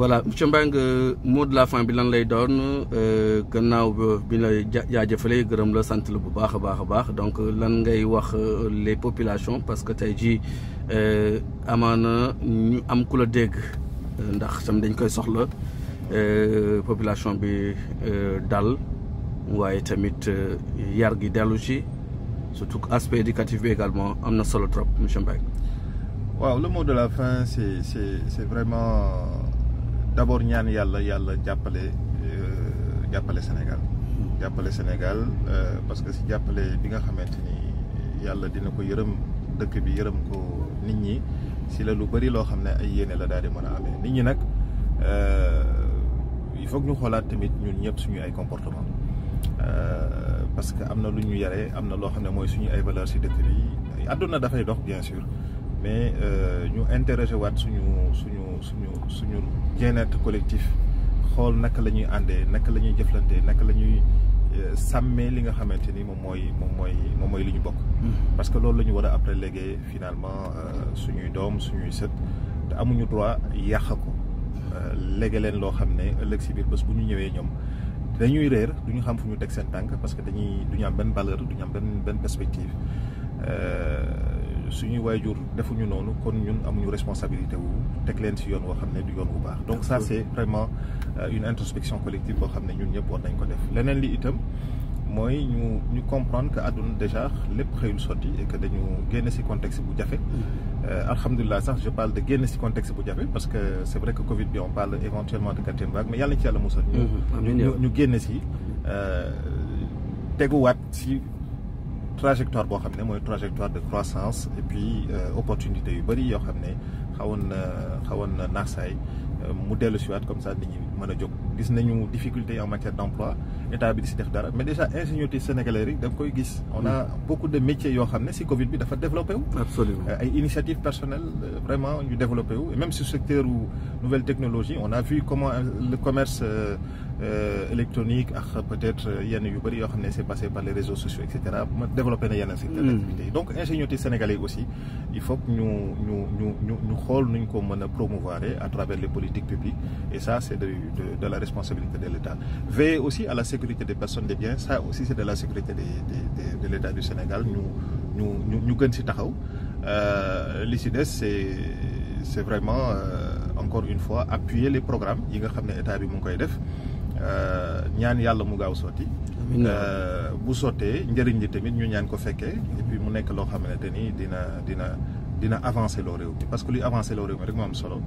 voilà monsieur Mbengue mot de la fin bi lan lay doon euh, gannaaw bi la jaajëfalee gërëm la sant la bu baax a baax a baax donc lan ngay wax euh, les populations parce que tey jii euh, amaana ñu am ku la dégg ndax tam dañ koy soxla population bi dal waaye tamit yar gi dellu ci surtout aspect éducatif bi également am na solo trop monsieur Mbengue waaw le mot de la fin c'est c'est vraiment d'abord ñaan yàlla yàlla jàppale euh, jàppale Sénégal jàppale Sénégal euh, parce que si jàppale bi nga xamante ni yàlla dina ko yërëm dëkk bi yërëm ko nit ñi si la lu bari loo xam ne ay yéene la daal di mën a nit ñi nag euh, il faut que ñu xoolaat tamit ñun ñëpp suñu ay comportement parce que am na lu ñu yaree am na loo xam ne mooy suñu ay valeur si dëkk bi àdduna dafay dox bien sûr mais euh, ñu interroger waat suñu suñu suñu suñu bien collectif xool naka la ñuy àndee naka la ñuy jëflantee naka la ñuy euh, sàmmee li nga xamante ni moom mooy moom mooy moom mooy li ñu bokk. Mm. parce que loolu la ñu war a après léegi finalement euh, suñuy doom suñuy sët te amuñu droit yàq ko léegi leen loo xam ne ëllëg si biir bés bu ñu ñëwee ñoom dañuy réer du ñu xam fu ñu teg seen tànk parce que dañuy du ñu am benn valeur du ñu am benn benn perspective. suñuy waajur defuñu noonu kon ñun amuñu responsabilité wu teg leen si yoon woo xam ne du yoon bu baax donc sa c'est vraiment euh, une introspection collective boo xam ne ñun ñëpp war nañ ko def leneen li itam mooy ñu ñu comprendre que àdduna déjà lépp xëyul sotti et que dañu génn ci contexte bu jafe mm-hmm. euh, alhamdulilah sax je parle de génn ci contexte bu jafe parce que c'est vrai que Covid bi on parle éventuellement de quatrième vague mais yàlla na ci yàlla musal mm-hmm. mm-hmm. euh, teguwaat ci trajectoire boo xam ne mooy trajectoire de croissance et puis euh, opportunité yu bëri yoo xam ne xawoon na xawoon na naxsaay euh, mu dellu si waat comme ça nit ñi mën a jóg gis nañu difficulté en matière d' emploi état bi di si def dara mais déjà ingénieurie sénégalaise yi da nga koy gis on a mm. beaucoup de métiers yoo xam ne si Covid bi dafa développé wu absolument euh, ay initiatives personnelles vraiment yu développé wu même su secteur u nouvelle technologie on a vu comment le commerce Euh, électronique ak peut-être euh, yenn yu bëri yoo xam ne c'est passé par les réseaux sociaux et cetera ma développé na yenn secteur mm. d'activité yi donc ingénieurs sénégalais aussi il faut que ñu ñu ñu ñu ñu xool nuñ ko mën a promouvoir à travers les politiques publiques et ça c'est de de la responsabilité de l'État veiller aussi à la sécurité des personnes des biens ça aussi c'est de la sécurité des de l'État du Sénégal ñu ñu ñu ñu gën ci taxaw euh, li ci des c'est c'est vraiment encore une fois appuyer les yi nga xam ne état bi mu ngi koy def Euh, ñaan yàlla mu gaaw sotti euh, bu sottee njëriñ li tamit ñu ñaan ko fekkee et mu nekk loo xamante ni dina dina dina avancer loo réew mi parce que luy avancer loo réew mi rek moo am solo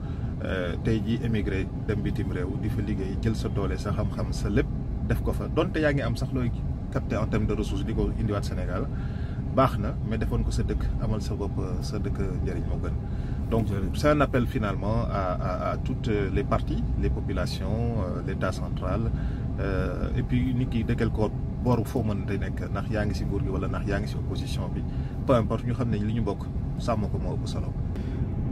euh, tey jii émigré dem bitim réew di fa liggéey jël sa doole sa xam-xam sa lépp def ko fa donte yaa ngi am sax looy capté en terme de ressources di ko indiwaat Sénégal baax na mais defoon ko sa dëkk amal sa bopp sa dëkk njëriñ moo gën Donc c'est un finalement à, à, à, toutes les parties, les populations, euh, l'État central, euh, et puis nit ki de quelque part booru foo mën di nekk ndax yaa ngi si nguur gi wala ndax yaa ngi si opposition bi peu importe ñu xam ne li ñu bokk sàmm ko moo ëpp solo.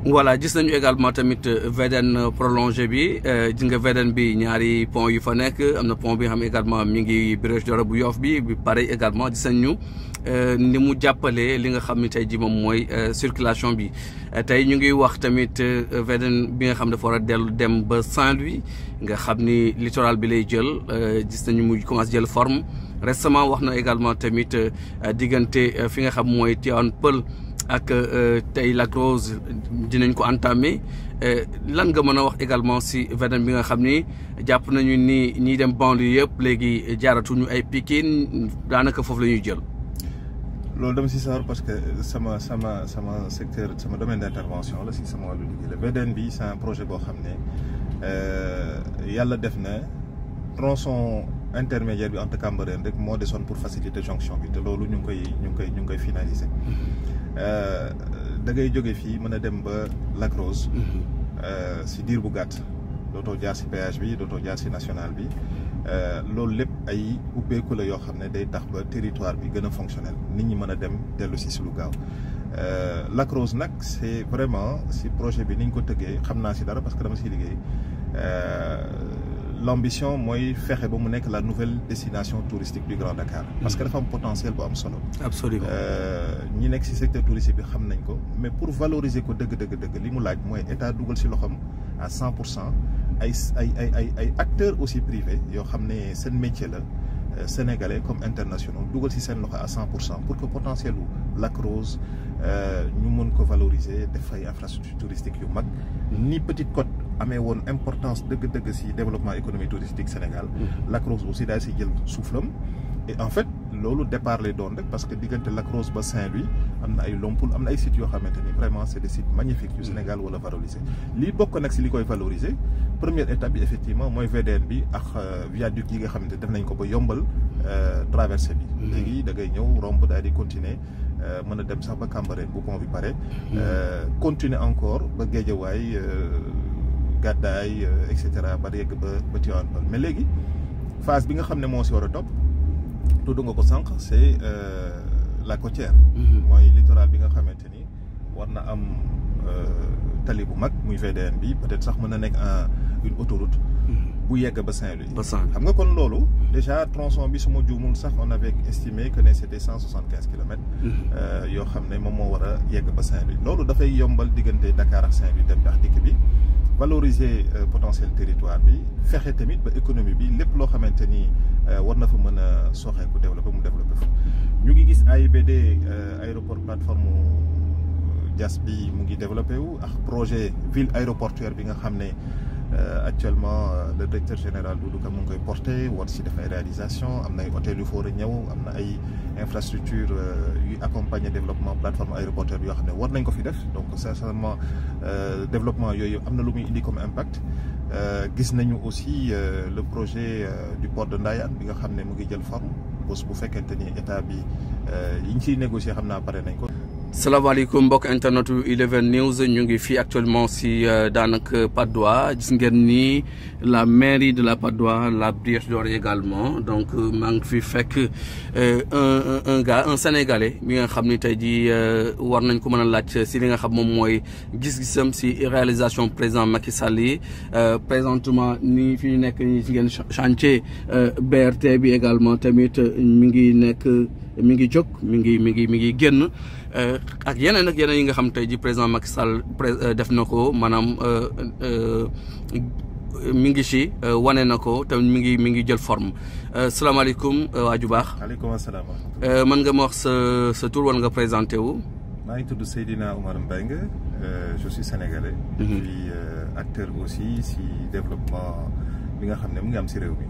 voilà gis nañu également tamit euh, VDN euh, prolongé bi euh, gis nga VDN bi ñaari pont yu fa nekk am na pont bi nga xam également mi ngi Brèche d'Orée bu Yoff bi bi pareil également gis nañu ni mu jàppale li nga xam ne tey ji moom mooy circulation bi tey ñu ngi wax tamit VDN bi nga xam dafa war dellu dem ba Saint-Louis nga xam ni littoral bi lay jël gis nañu mu commencé jël forme récemment wax na également tamit diggante fi nga xam mooy Tivaouane Peulh ak euh, tey Lac Rose dinañ ko entamé euh, lan nga mën a wax également si VNM bi nga xam ni jàpp nañu ni ñiy dem banlieue yëpp léegi jaaratuñu ay Pikine daanaka foofu la ñuy jël. loolu dama si sawar parce que sama sama sama secteur sama domaine d'intervention la si sama wàllu liggéey la VDN bi c'est un projet boo xam ne euh, yàlla def na tronçon. intermédiaire bi entre Cambérène rek moo desoon pour faciliter jonction bi te loolu ñu ngi koy ñu ngi koy ñu ngi koy finaliser euh, jóge fii mën a dem ba Lac Rose mhm. euh, si diir bu gàtt dootoo jaar si péage bi dootoo jaar si national bi euh, loolu lépp ay ubbeeku la yoo xam ne day tax ba territoire bi gën a fonctionnel nit ñi mën a dem dellu si si lu gaaw Lac Rose nag c'est vraiment si projet bi ni ñu ko tëggee xam naa si dara parce que dama si liggéey l'ambition mooy fexe ba mu nekk la nouvelle destination touristique bi Grand Dakar. parce que dafa am potentiel bu am solo. absolument euh, ñi nekk ci secteur touristique bi xam nañ ko mais pour valoriser ko dëgg dëgg dëgg li mu laaj mooy état dugal ci loxom à cent pour cent ay ay ay ay acteurs aussi privés yoo xam ne seen métier la. Euh, sénégalais comme internationaux dugal ci seen loxo à cent pour cent pour que potentiel wu Lac Rose euh, ñu mën ko valoriser def ay infrastructures touristiques yu mag ni Petite amee woon importance dëgg-dëgg si développement économie touristique Sénégal. Mhm. Lac Rose aussi daal si jël suuflam et en fait loolu départ lay doon rek parce que diggante Lac Rose ba saint bi am na ay Lompoul am na ay sites yoo xamante ni vraiment c' est des sites mhm. Sénégal wala valoriser lii bokk nag si li koy valoriser première étape bi effectivement mooy VDN bi ak euh, viaduc yi nga xamante def nañ ko ba yombal euh, traversée bi. Mhm. léegi da ngay ñëw romb daal di continuer euh, mën a dem sax ba Cambérène bu pont bi pare. continuer encore ba Guédiawaye. gàddaay euh, et cetera ba yegg ba ba Tivaouane Peulh mais léegi phase bi nga xam ne moo si war a topp tudd nga ko sànq c'est euh, la côtière mm-hmm. mooy littoral bi nga xamante ni war na am euh, tali bu mag muy VDN bi peut-être sax mën na nekk en une autoroute mm-hmm. bu yegg ba Saint-Louis xam nga kon loolu déjà tronçon bi su ma juumul sax on avait estimé que ne c'était cent soixante quinze kilomètres mm-hmm. yoo xam ne moom moo war a yegg ba Saint-Louis loolu dafay yombal diggante ndakaar ak Saint-Louis dem dikk bi valoriser euh, potentiel territoire bi fexe tamit ba économie bi lépp loo xamante ni euh, war na fa mën a soxeeku développé mu développé fa ñu ngi gis AIBD euh, aéroport plateforme Diass bi mu ngi développé wu ak projet ville aéroportuaire bi nga xam ne Euh, actuellement euh, le directeur général Doudou Ka mu ngi koy porté war si def ay réalisation am na ay hôtel yu foor a ñëw am na ay infrastructure euh, yu accompagner développement plateforme aéroportuaire yoo xam ne war nañ ko fi def donc sincèrement développement yooyu am na lu muy indi comme impact gis nañu aussi le projet du port de Ndayane bi nga xam ne mu ngi jël forme bés bu fekkente ni état bi yi ñu ciy négocier xam naa pare nañ ko salaamaaleykum mbokk internet yu Eleven News ñu ngi fii actuellement si euh, daanaka Patte d'Oie gis ngeen ni la mairie de la Patte la Brioche Dorée également donc euh, maa ngi fi fekk euh, un un gars mi nga xam ni tey jii war nañ ko mën a laaj si li nga xam moom mooy gis-gisam si réalisation président Macky Sall yi présentement nii fi ñu nekk nii gis ngeen chantier BRT bi également tamit mi ngi nekk. mi ngi jóg mi ngi mi ngi mi ngi génn eh, ak yeneen ak yeneen yi nga xam tey ji président Macky Sall eh, def na ko maanaam eh, mi ngi si wane na ko te mi ngi mi ngi jël forme salaamaaleykum waa ju baax. maaleykum salaam. mën nga ma wax sa sa tur nga présenté wu. maa ngi tudd Seydina Omar Mbengue je suis sénégalais. je mhm. suis acteur aussi si développement bi nga xam ne mu ngi am si réew mi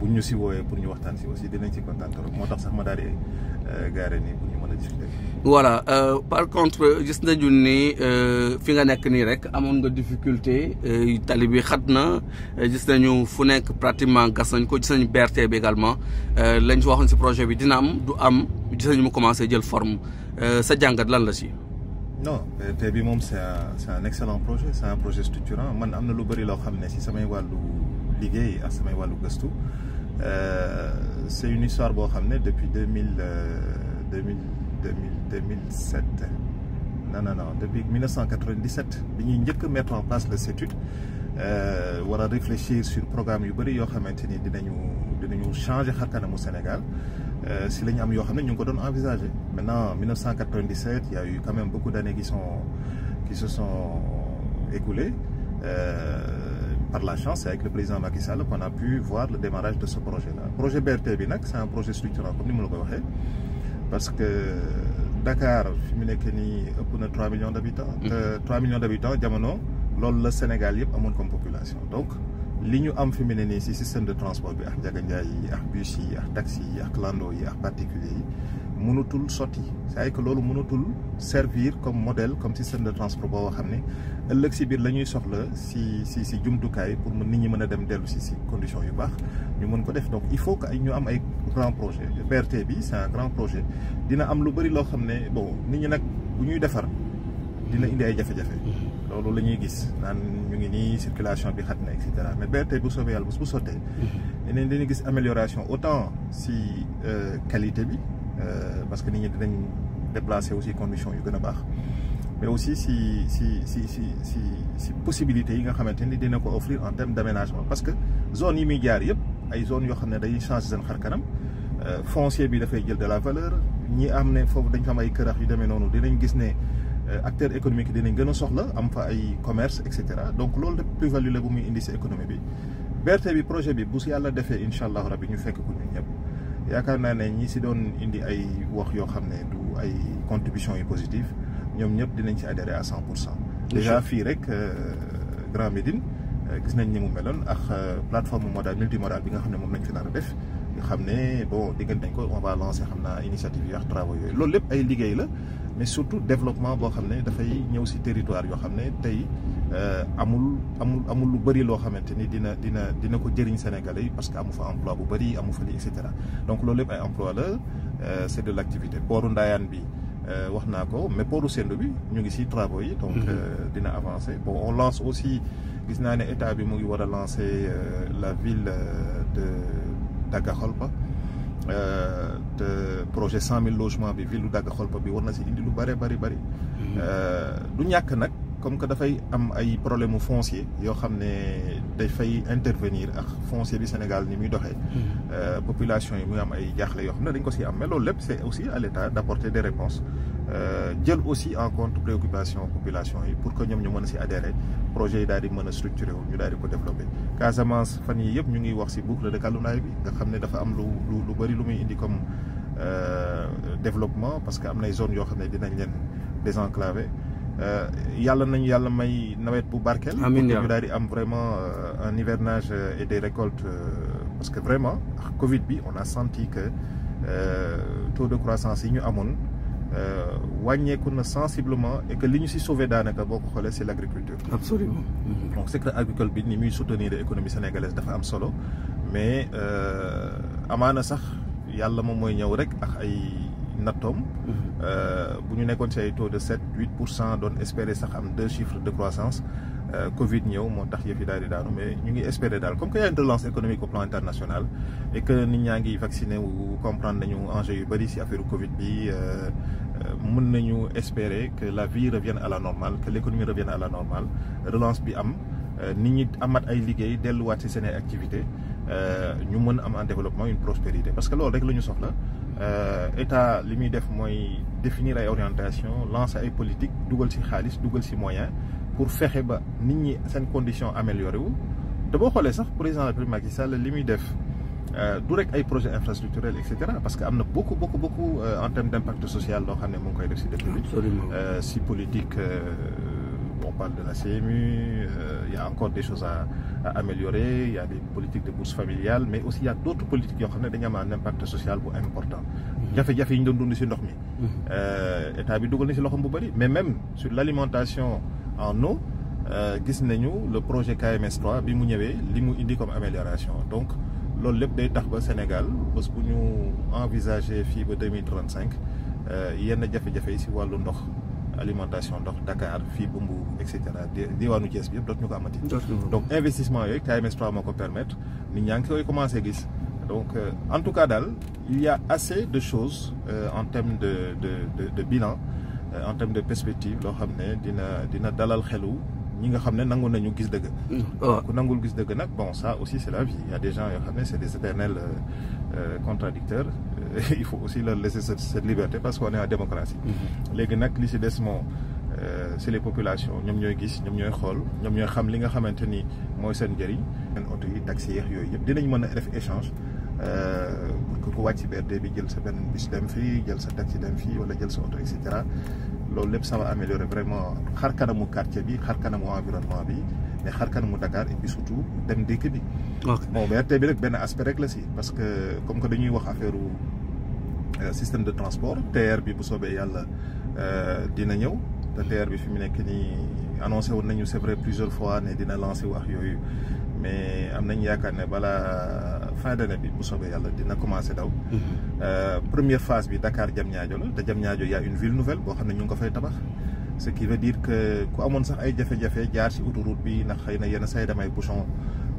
buñ ñu si wooyee pour ñu waxtaan si aussi dinañ ci kontaan trop moo tax sax ma daal di euh, gaare nii pour ñu mën a discuter. voilà euh, par contre gis nañu ni euh, fi nga nekk nii rek amoon nga difficulté tali bi xat na gis nañu fu nekk pratiquement gas nañ ko gis nañu BRT bi également si waxoon si projet bi dina am du am gis nañu mu commencé jël forme sa jàngat lan la si. non BRT bi moom c'est un c'est un excellent projet c'est un projet structurant man am na lu bëri loo xam ne si samay wàllu liggéey ak wàllu gëstu. Euh, c'est une soir boo xam ne depuis deux mille euh, deux mille deux mille deux mille sept non non non depuis 1997 bi ñuy njëkk mettre en place le CETUD euh, war a réfléchir sur programme yu bëri yoo xamante ni dinañu dinañu changer xar kanamu Sénégal si la ñu am yoo xam ne ñu ngi ko doon envisager maintenant 1997 il y a eu quand même beaucoup d'années qui sont qui se sont écoulées. par la chance, avec le président Macky Sall, a pu voir le démarrage de ce projet-là. Le projet BRT Binac, c'est un projet structurant, comme nous le parce que Dakar, Fiminé-Kenny, a 3 millions d'habitants. 3 mm-hmm. millions d'habitants, Diamono, le Sénégal, il amoon a comme population. Donc, li ñu am fi mu ne nii si système de transport bi ak njaganjaay yi ak bus yi ak taxi yi ak lando yi ak particulier yi mënatul sotti c'est-à-dire loolu mënatul servir comme modèle comme si système de transport boo xam ne ëllëg si biir la ñuy soxla si si si jumtukaay pour nit ñi mën a dem dellu si si conditions yu baax ñu mën ko def donc il faut que ñu am ay grand projet BRT bi c'est un grand projet dina am lu bëri loo xam ne bon nit ñi nag bu ñuy defar dina indi ay jafe-jafe loolu la ñuy gis naan ñu ngi nii circulation bi xat na et cetera mais BRT bu soobee yàlla bu sottee. Mhm. dinañ gis amélioration autant si euh, qualité bi. Euh, parce que nit ñi dinañ déplacer aussi conditions yu gën a baax mais aussi si si si si si si possibilités yi nga xamante ni dina ko offrir en terme d' parce que zone yi muy jaar yëpp ay zone yoo xam ne day chance seen xar kanam euh, foncier bi dafay jël de la valeur ñi am ne foofu dañ fa am ay kërax yu demee noonu dinañ gis ne euh, acteur économique dinañ gën a soxla am fa ay commerce et cetera donc loolu de plus value la bu muy indi si économie bi BRT bi bi bu si yàlla defee incha allahu rabi ñu fekk yaakaar naa ne ñi si doon indi ay wax yoo xam ne du ay contribution yu positive ñoom ñëpp dinañ ci adhéré à cent pour cent déjà fii rek euh, Grand Médine euh, gis nañ ñi mu meloon ak euh, plateforme modale multimodale bi nga xam ne moom lañ fi nar def nga xam ne boo diggante nañ ko on va xam naa initiative yi ak travaux yooyu loolu lépp ay liggéey la mais surtout développement boo xam ne dafay ñëw si territoire yoo xam ne tey Euh, amul amul amul lu bëri loo xamante ni dina dina dina ko jëriñ sénégal yi parce que amu fa emploi bu bari amu fa li et donc loolu yëpp ay emploi la euh, c' est de l' activité pooru ndaayaan bi euh, wax naa ko mais pooru sendo bi ñu ngi si travaux yi donc mhm. dina avancer bon on aussi gis naa ne état bi mu ngi war a lancer la ville de Daga-Kholpa te projet cent mille logements bi ville du Daga-Kholpa bi war na si indi lu bëri bari bëri du ñàkk nag comme que dafay am ay problème mu foncier yoo xam ne dafay intervenir ak foncier bi Sénégal ni muy doxee. Mm-hmm. Euh, population yi muy am ay jaaxle yoo xam ne dañ ko si am mais lép lépp aussi à l' état d' des réponses euh, jël aussi en compte préoccupation population yi pour que ñoom ñu mën a si adhérer projet yi daal di mën a structuré wu ñu daal di ko développé. Casamance fan yii yëpp ñu ngi wax si boucle de Kalumlaay bi nga xam ne dafa am lu lu lu bëri lu muy indi comme euh, développement parce que am nay zone yoo xam ne dinañ leen désenclavé. Euh, yàlla nañu yàlla may nawet bu barkeel. amiin ñu daal di am vraiment euh, un hivernage et des récoltes euh, parce que vraiment Covid bi on a senti que taux de croissance yi ñu amoon wàññeeku na sensiblement et que li ñu si sauvé daanaka boo ko xoolee c' est agriculture. absolument. Mm-hmm. donc secteur agricole bi ni muy soutenir économie sénégalaise dafa am solo mais amaana sax yàlla moom mooy ñëw rek ak ay. nattoom mhm. euh, bu ñu nekkoon ci ay taux de sept huit pour cent doon espérer sax am deux chiffres de croissance euh, Covid ñëw moo tax yëf yi daal daanu mais ñu ngi espérer daal comme que y a une relance économique que nit ñaa ngi vacciné wu comprendre nañu enjeu yu bëri ci affaire Covid bi euh, mën nañu espérer que la vie revienne à la normale que l'économie revienne à la normale relance bi am nit ñi amaat ay liggéey delluwaat ci seen activité ñu mën am en développement une prospérité parce que loolu rek la ñu soxla. Euh, état li muy def mooy définir ay orientation lancer ay politique dugal ci xaalis dugal ci moyen pour fexe ba nit ñi seen condition amélioré wu te boo xoolee sax président de la République Macky Sall li muy def euh, du rek ay projet infrastructurel et cetera parce que am na beaucoup beaucoup beaucoup euh, en termes d' impact social loo xam ne mu ngi koy def si dëkk bi si politique on parle de la CMU il y encore des choses à à améliorer il y a des politiques de bourse familiale mais aussi il y a d'autres politiques yoo xam ne dañu am un impact social bu important mhm. jafe-jafe yi ñu doon dund si ndox mi mhm. euh, état bi dugal na si loxom bu bëri mais même sur l'alimentation en eau euh, gis nañu le projet KMS 3 bi mu ñëwee li mu indi comme amélioration donc loolu lépp day tax ba Sénégal bés bu ñu envisager fii ba deux mille trente cinq euh, yenn jafe-jafe yi si wàllu ndox alimentation ndox Dakar fii ba Mbour et cetera diwaanu Thiès bi yëpp dootuñu ko amati. donc investissement yooyu KMS 3 moo ko permettre nit ñaa ngi koy commencé gis. donc euh, en tout cas daal il y a assez de choses euh, en termes de de de de bilan euh, en termes de perspective loo xam ne dina dina dalal xelu. ñi nga xam ne nangu nañu gis dëgg. Mm. Ah. ku nangul gis dëgg nag bon ça aussi c' la vie il y a des gens yoo xam ne c' est des éternels euh, euh contradicteurs euh, il faut aussi leur laisser cette, cette liberté parce que est en démocratie. Mm-hmm. léegi nag li si des moom euh, c' est les populations ñoom ñooy gis ñoom ñooy xool ñoom ñooy xam li nga xamante ni mooy seen njëriñ. seen oto yi taxi yeex yooyu yëpp dinañ mën a def échange. pour ku wàcc ci BRT bi jël sa benn bus dem fii jël sa taxi dem fii wala jël sa oto et cetera loolu lépp ça va améliorer vraiment xar kanamu quartier bi xar kanamu environnement bi mais xar kanamu Dakar et puis surtout dem dëkk bi. bon BRT bi rek benn aspect rek la si. parce que comme que dañuy wax affaire euh, système de transport TER bi bu soobee yàlla euh, dina ñëw te TER bi fi mu nekk nii annoncé woon nañu c'est vrai plusieurs fois ne dina lancé wax yooyu. mais am nañ yaakaar ne balaa fin d'année bi bu soobee yàlla dina commencé daw. Mhm. Euh, première phase bi Dakar ñaajo la te Diamniadio y a une ville nouvelle boo xam ne ñu ngi ko fay tabax. ce qui veut dire que ku amoon sax ay jafe-jafe jaar ci autoroute bi ndax xëy na yenn say ay bouchon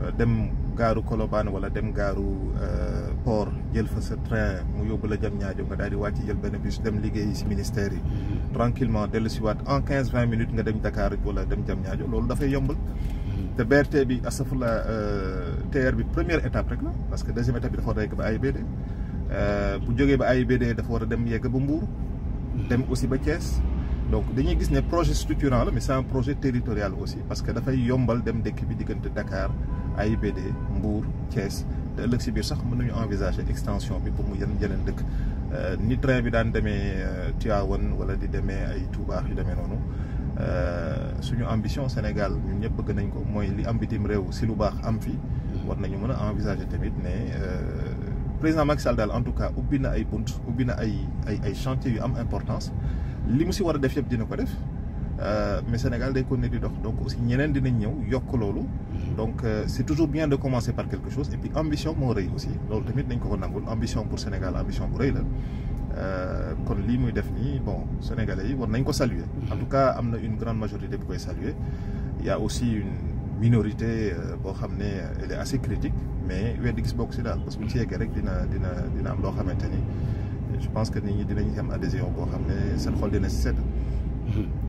euh, dem gaaru Colobane wala dem gaaru euh, port jël fa sa train mu yóbbu la Diamniadio nga daal di wàcc jël benn bus dem liggéey ci ministère yi. Mhm. tranquillement dellu ci waat en quinze vingt minutes nga dem Dakar wala dem Diamniadio loolu dafay yombal. te BRT bi asafula euh, TER bi première étape rek la parce que deuxième étape bi dafa war a yegg ba AIBD euh, bu jógee ba AIBD dafa war a dem yegg ba Mbour dem aussi ba Thiès donc dañuy gis ne projet structurant la mais c'est projet territorial aussi parce que dafay yombal dem dëkk bi diggante Dakar AIBD Mbour Thiès te ëllëg si biir sax mën nañu envisager extension bi pour mu yenn yeneen dëkk euh, ni train bi daan demee Tivaouane wala di demee ay Touba yu demee noonu Euh, suñu ambition Sénégal ñun ñëpp bëgg nañ ko mooy li am bitim réew si lu baax am fi mm-hmm. war nañu mën a envisager tamit ne euh, président Macky Sall daal en tout cas ubbi na ay bunt ubbi na ay ay ay chantier yu am importance li mu si war a def yëpp dina ko def euh, mais Sénégal day continuer di dox donc aussi ñeneen dinañ ñëw yokk loolu. Mm-hmm. donc c'est toujours bien de commencer par quelque chose et puis ambition moo rëy aussi loolu tamit nañ ko ko nangul ambition pour Sénégal ambition Euh, kon lii muy def nii bon sénégalais yi war nañ ko saluer. en tout cas am na une grande majorité bu koy saluer y a aussi une. minorité euh, boo xam ne elle est assez critique mais wedd gis bokk si daal parce que bu rek dina dina dina am loo xamante ni je pense que nit ñi dinañ am adhésion boo xam ne seen xol dina si sedd mm-hmm.